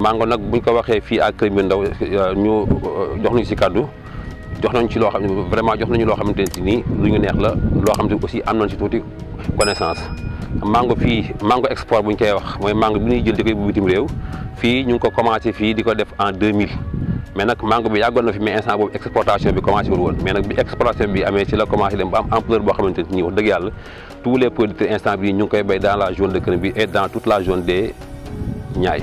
mango nak buñ ko waxé fi ak crème Ndaw euh, ñu euh, jox nañu si kàddu jox nañ ci lo xam vraiment jox nañu loo xamante ni nii ñu neex la lo xam aussi am nañ si tuuti connaissance. mango fi mango export buñ koy wax moy mango bi ñuy jël di bu bitim rew fi ñu ko commencé fi diko def en 2000 mais nak mango bi yagol na fi mais instant boobu exportation bi commencé wul woon mais nak bi exportation bi amé ci la commencé dem am ampleur boo xamante ni wax dëgg yalla tous les producteurs instant bi ñu koy bay dans la zone de crème bi et dans toute la zone des Niayes.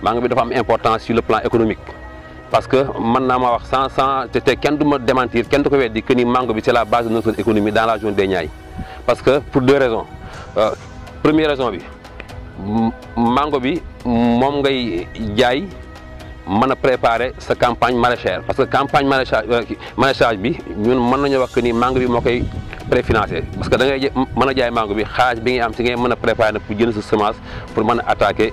langue bi dafa am importance sur le plan économique parce que man na ma wax sans sans te kenn démentir kenn ko que ni mango bi c'est la base de notre économie dans la zone des Niay parce que pour deux raisons euh, première raison bi mango bi mom ngay jaay mën préparer sa campagne maraîchère parce que campagne maraîchage euh, maraîchage bi ñun mën nañu wax que ni mango bi moo koy parce que da ngay mën jaay mango bi xaalis bi ngay am ci ngay préparer pour jënd sa semence pour mën attaquer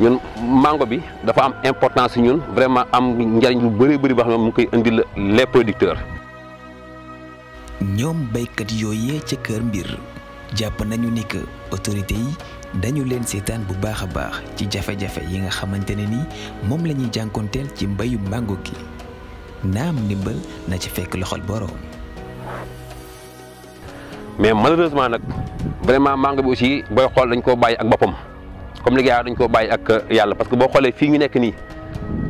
ñun mango bi dafa am importance ñun vraiment am njariñ lu bari bari bax xam mu koy indi les producteurs ñom baykat yoyé ci kër mbir japp nañu ni que autorité yi dañu leen sétane bu baaxa baax ci jafé jafé yi nga xamante ni mom lañuy jankontel ci mbayu mango ki naam nimbal na ci fekk loxol borom mais malheureusement nak vraiment mango bi aussi boy xol dañ ko bàyyi ak bopam comme ni gars dañ koo bàyyi ak yàlla parce que boo xoolee fii ñu nekk ni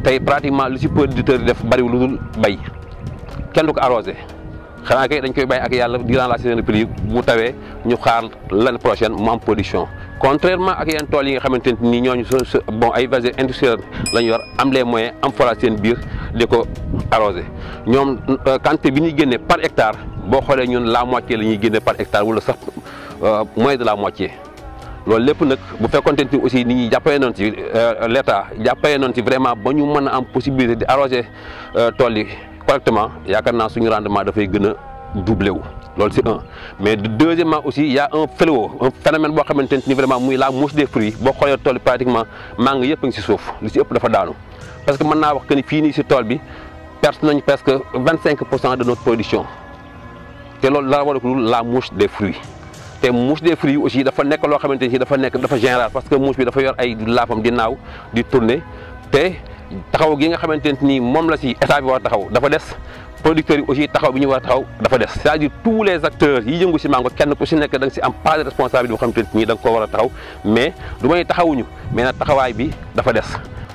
tey pratiquement lu ci producteur yi def bariwul lu dul bay kenn du ko arrosé xanaa kay dañ koy bàyyi ak yàlla durant la saison de pluie mu tawee ñu xaar l'année prochaine mu am production contrairement ak yeneen tool yi nga xamante ni ñooñu bon ay vergers industriels la ñu yor am les moyens am forage seen biir di ko arrosé ñoom euh, quantité bi ñuy génnee par hectare boo xoolee ñun la moitié la ñuy par hectare wala sax euh, moins de la moitié loolu lepp nak bu fekkonte ni aussi nit ñi jappé non ci euh, l'état jappé non ci vraiment ba ñu mën am possibilité di arroser euh, tool yi correctement yaakaar naa suñu rendement da fay gëna doublé wu. loolu c'est un mais deuxièmement aussi il y a un fléau un phénomène bo xamante ni vraiment muy la mouche des fruits bo xoolee tool pratiquement mang yëpp ngi ci suuf lu ci ëpp dafa daanu parce que mëna wax que ni fini ci si bi perte nañ presque vingt cinq de notre production te loolu dara war la mouche des fruits té mouche des fruits aussi dafa nek lo xamanteni dafa nek dafa général parce que mouche bi dafa yor ay lafam di di tourner té taxaw gi nga xamanteni mom la ci état bi war taxaw dafa dess producteur aussi taxaw bi ñu war taxaw dafa dess c'est-à-dire tous les acteurs yi yëngu ci mango kenn ku ci nek dang ci am pas de responsabilité bu xamanteni dang ko wara taxaw mais du may taxawuñu mais na taxaway bi dafa dess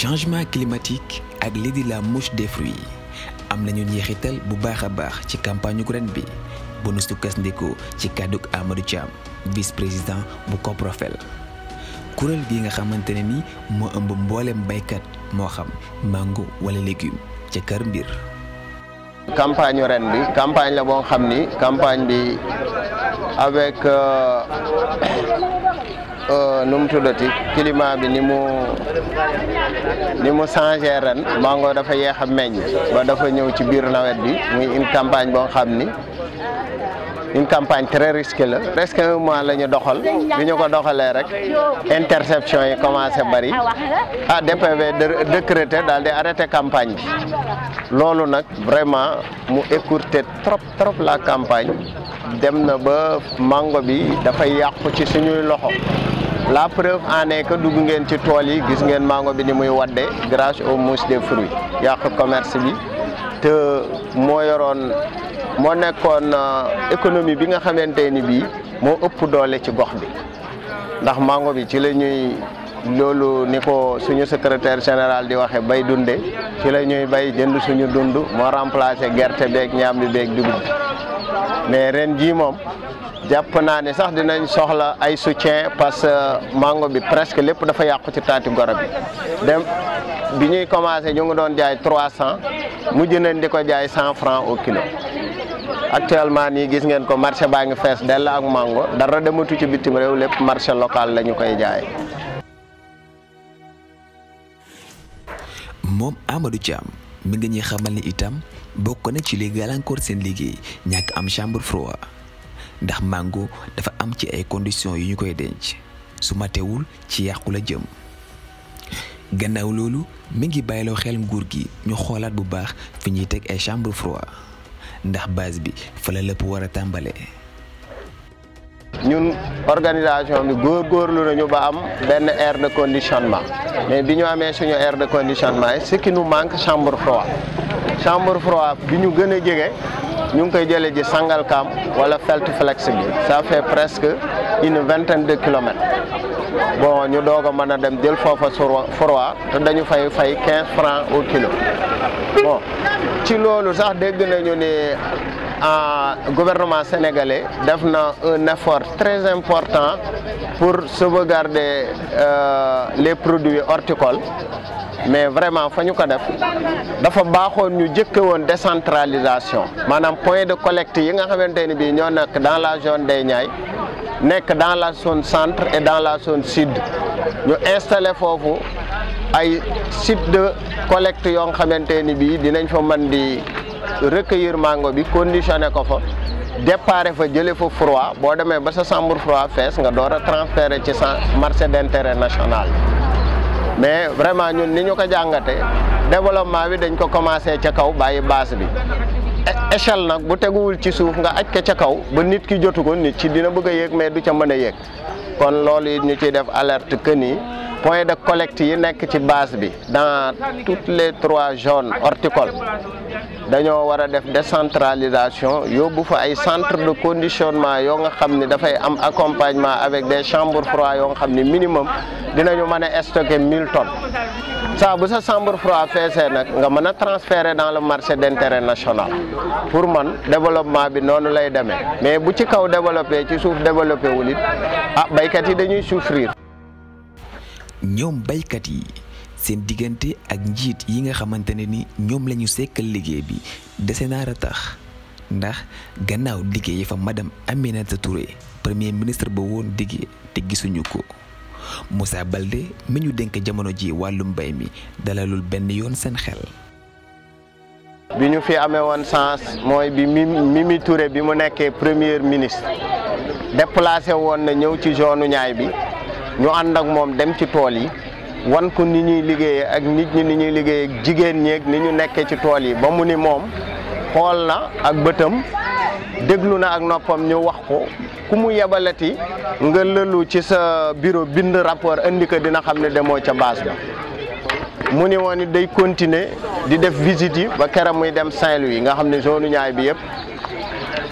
changement climatique ak lii di la mouche des fruits am nañu ñexital bu baaxa baax ci campagne gren bi bu nu sukkandiku ci kàddug Amadou Thiam vice président bu Coprofel kurel gi nga xamantene ne ni moo ëmb mbollem baykat mo xam mango wala légume ci kër mbir. campagne ren bi campagne la bo xam ni campagne bi avec. Euh, Euh, nu mu tuddati climat bi ni mu ni mu changé ren mango dafa yeex a meññ ba dafa ñëw ci biir nawet bi muy une campagne bon xam ni une campagne très risquée presque un mois la ñu doxal bi ñu ko doxalee rek interception yi commencé bari ah DPV décrété daal di campagne L'on loolu vraiment mu trop trop la campagne dem na ba mango bi dafay yàqu ci suñuy loxo la preuve en est que dugg ngeen ci tool yi gis ngeen mango bi ni muy wadde grâce aux mousses des fruits yàq commerce bi te moo yoroon moo nekkoon euh, économie bi nga xamante ni bii moo ëpp doole ci gox bi ndax mango bi ci la ñuy loolu ni ko suñu secrétaire général di waxe bay dunde ci la ñuy bay jënd suñu dund moo remplacé gerte beeg ñaam bi beeg dugub mais ren jii moom jàpp naa ne sax dinañ soxla ay soutien parce que mango bi presque lépp dafa yàqu ci taati garab yi bi ñuy commencé ñu ngi doon jaay trois cent mujj nañ di ko jaay cent franc au kilo actuellement nii gis ngeen ko marché baa ngi fees dell ak mango dara dematu ci bitim réew lépp marché local la ñu koy jaay. moom Amadou Thiam mu ngi ñuy xamal ni itam bokk na ci li gàllankoor seen liggéey ñàkk am chambre froid ndax màngo dafa am ci ay conditions yu ñu koy denc su matewul ci yàqu la jëm. gannaaw loolu mi ngi bàyyiloo xel nguur gi ñu xoolaat bu baax fi ñuy teg ay chambre froid ndax base bi fa la lépp war a tàmbale ñun organisation bi góorgóorlu nañu ba am benn air de conditionnement mais bi ñu amee suñu air de conditionnement ce qui nous manque chambre froid chambre froid bi ñu gën a jege ñu ngi koy jëlee ji kam wala Felt Flex bi ça fait presque une vingtaine de kilomètres bon ñu doog mëna mën dem jël foofa froid té dañu fay fay 15 francs au kilo bon ci lolu sax dégg nañu le ah, gouvernement sénégalais def na un effort très important pour sauvegarder euh, les produits horticoles mais vraiment fa ñu ko def dafa baaxoon ñu jëkke woon décentralisation maanaam point de collecte yi nga xamante ne dans la zone des Niayes nekk dans la zone centre et dans la zone sud ñu installé foofu ay site de collecte yoo nga xamante ni bii dinañ fa mën di recueillir mango bi conditionné ko fo déparé fa jële fa froid boo demee ba sa chambre froid fees nga door a transféré ci sa marché d'intérêt national mais vraiment ñun ni ñu ko jàngate développement bi dañ ko commencé ca kaw bàyyi base bi échelle nag bu teguwul ci suuf nga aj ko ca kaw ba nit ki jotu ko nit ci dina bëgg a yéeg mais du ca mën a yéeg kon loolu it ñu ciy def alerte que ni point de collect yi nekk ci base bi dans toutes les trois zones horticoles dañoo war a def décentralisation yóbbu fa ay centre de conditionnement yoo nga xam ni dafay am accompagnement avec des chambres froides yoo nga xam ni minimum dinañu mën a stocker mille tonnes saa bu sa chambre froid fessé nak nga mëna transférer dans le marché d'intérêt national pour man développement bi noonu lay démé mais bu ci kaw développer ci souf développer wulit ah baykat yi dañuy souffrir. ñom baykat yi seen digënté ak njit yi nga xamante ni ñom lañu sékkal liggéey bi déssé na ra tax ndax gannaaw liggéey fa madame Aminata Touré premier ministre ba won diggee te gisunu ko. Moussa Baldé mi ñu dénk jamono ji wàllu mbay mi dalalul benn yoon seen xel. bi ñu fi amee woon chance mooy bi Mimi Touré bi mu nekkee premier ministre déplacé woon na ñëw ci zone ñaay bi ñu ànd ak moom dem ci tool yi. wan ko ni ñuy liggéeyee ak nit ñi ni ñuy liggéeyee ak jigéen ñéeg ni ñu nekkee ci tool yi ba mu ni moom xool na ak bëtam déglu na ak noppam ñu wax ko ku mu yebalati nga lëlu ci sa bureau bind rapport indi ko dina xam ne demoo ca base ba mu ni woon day continuer di def visite yi ba keram muy dem Saint-Louis nga xam ne zone ñaay bi yëpp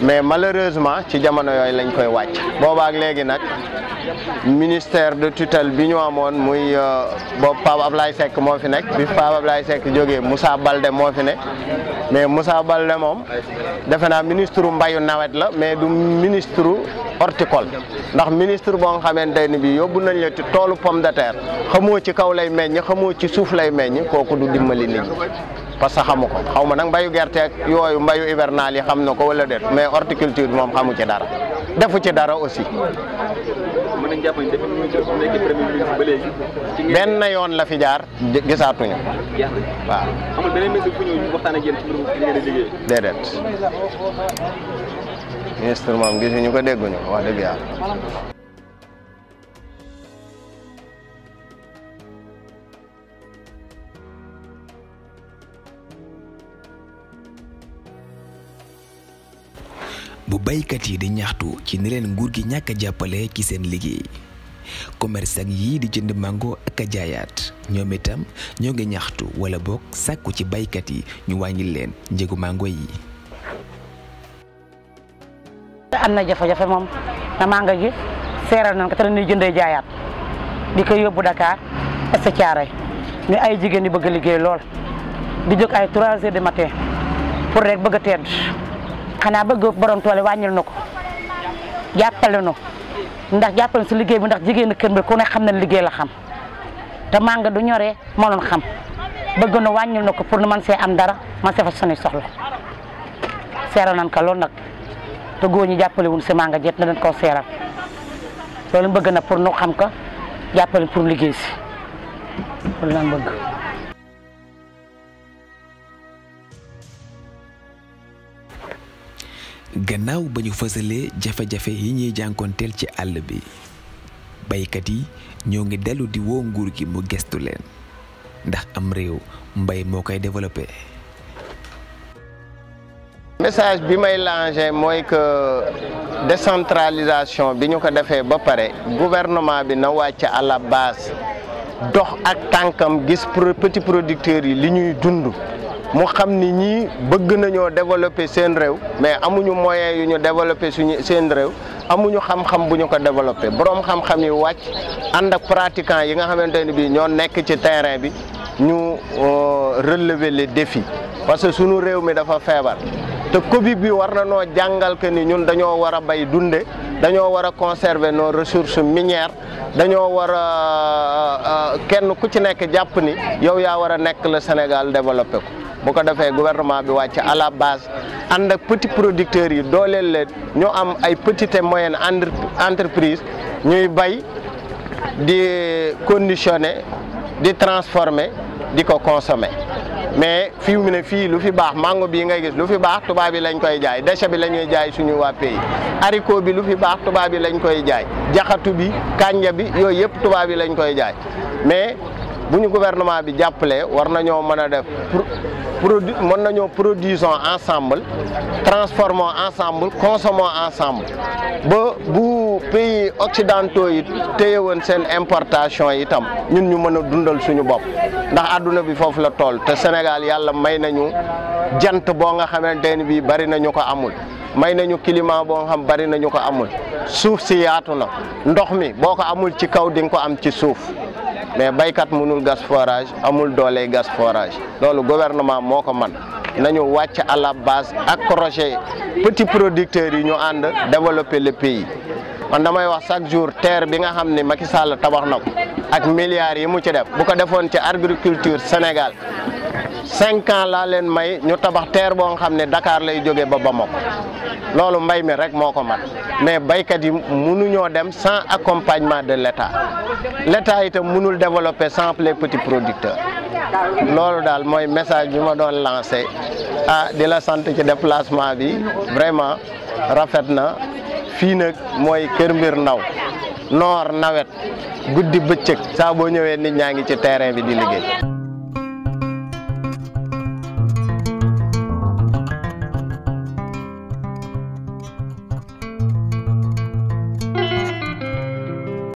mais malheureusement ci jamono yooyu lañ koy wàcc boobaak léegi nag ministère de tutelle bi ñu amoon muy euh, boobu Pape Ablaye sekk moo fi nekk bi Pape Ablaye Seck jógee Moussa Balde moo fi ne mais Moussa Balde moom defe naa ministre mbayu nawet la mais du ministre horticole ndax ministre boo nga xamante ni bi yóbbu nañ la ci toolu pomme de terre xamoo ci kaw lay meññ xamoo ci suuf lay meññ kooku du dimbali nit ñi parce que xamu ko xaw ma nag mbayu gerte ak yooyu mbayu hivernal yi xam na ko wala déet mais horticulture moom xamu ci dara defu ci dara aussi. mën nañ yoon la fi jaar gisaatuñu. waaw. amul beneen ministre moom gisuñu ko dégguñu wax dëgg bu baykat yi di ñaxtu ci ni leen nguur gi ñaka jappalé ci seen liggéey commerçant yi di jënd mango ak jaayat ñom itam ñoo ngi ñaxtu wala bok sakku ci baykat yi ñu wañi leen njëgu mango yi amna na jafe mom na manga gi séral nañ ko te ñu jëndé jaayat di ko yobbu Dakar est caaray ñu ay jigéen yi bëgg liggéey lool di jox ay 3 h du matin pour rek bëgg tedd xana bëgg borom tool yi nako na nu ndax jappal su liggéey bu ndax jigéen keur bi ku ne xam na liggéey la xam te mànga du ñoré mo lon xam bëgg na wàññil nako pour nu man sé am dara man sé fa suñuy soxla seeral nan ka lool nak te goñu jappalé wuñ si mànga jet na dañ ko seeral loolu bëgg na pour nu xam ko jàppale pour liggéey ci lan bëgg gannaaw ba ñu fësalee jafe-jafe yi ñuy jànkoonteel ci àll bi baykat yi ñoo ngi dellu di woo nguur gi mu gestu leen ndax am réew mbay moo koy développé. message bi may lancé mooy que décentralisation bi ñu ko defee ba pare gouvernement bi na wàcc à la base dox ak tànkam gis petits producteurs yi li ñuy dund. mu xam ni ñii bëgg nañoo développer seen réew mais amuñu moyen yu ñu développer suñu seen réew amuñu xam-xam bu ñu ko développer boroom xam-xam yi wàcc ànd ak pratiquant yi nga xamante ne bii ñoo nekk ci terrain bi ñu euh, relever les défis parce que suñu réew mi dafa feebar te Covid bi war na noo jàngal que ni ñun dañoo war a bay dunde dañoo war a conserver nos ressources minières dañoo war a euh, euh, kenn ku ci nekk jàpp ni yow yaa war a nekk la Sénégal développé ko bu ko defee gouvernement bi wàcc à la base ànd ak petit producteurs yi dooleel leen ñu am ay petites et moyennes entreprise ñuy bay di conditionner di transformer di ko consommer mais fii mu ne fii lu fi baax mango bii ngay gis lu fi baax tubaab bi lañ koy jaay déchet bi la ñuy jaay suñu waa pays haricot bi lu fi baax tubaab bi lañ koy jaay jaxatu bi kànja bi yooyu yëpp tubaab bi lañ koy jaay mais Si le gouvernement a appelé, nous devons produire ensemble, transformer ensemble, consommer ensemble. Si les pays occidentaux ont des importation, nous devons nous faire des choses. Nous devons nous faire des choses. Le Sénégal, nous devons nous faire des choses. Nous devons nous faire des choses. Nous devons nous faire des climats. Nous devons nous faire des choses. Nous devons nous faire des choses. Nous devons nous faire des choses mais baykat mënul gas forage amul doole gas forage le gouvernement moko nous man nañu wacc à la base accrocher petits producteurs yi ñu développer le pays On damay wax chaque jour terre bi nga xamné Macky Sall tabax nako ak milliards yi mu ci def bu ko defone ci agriculture Sénégal cinq ans laa leen may ñu tabax teer boo nga xam ne Dakar lay jóge ba Bamako loolu mbay mi rek moo ko mat mais baykat yi mënuñoo dem sans accompagnement de l'État l'État itam mënul développer sans les petits producteurs loolu daal mooy message bi ma doon lancé ah di la sant ci déplacement bi vraiment rafet na fii nag mooy Kër Mbir Ndaw noor nawet guddi bëccëg saa boo ñëwee nit ñaa ngi ci terrain bi di liggéey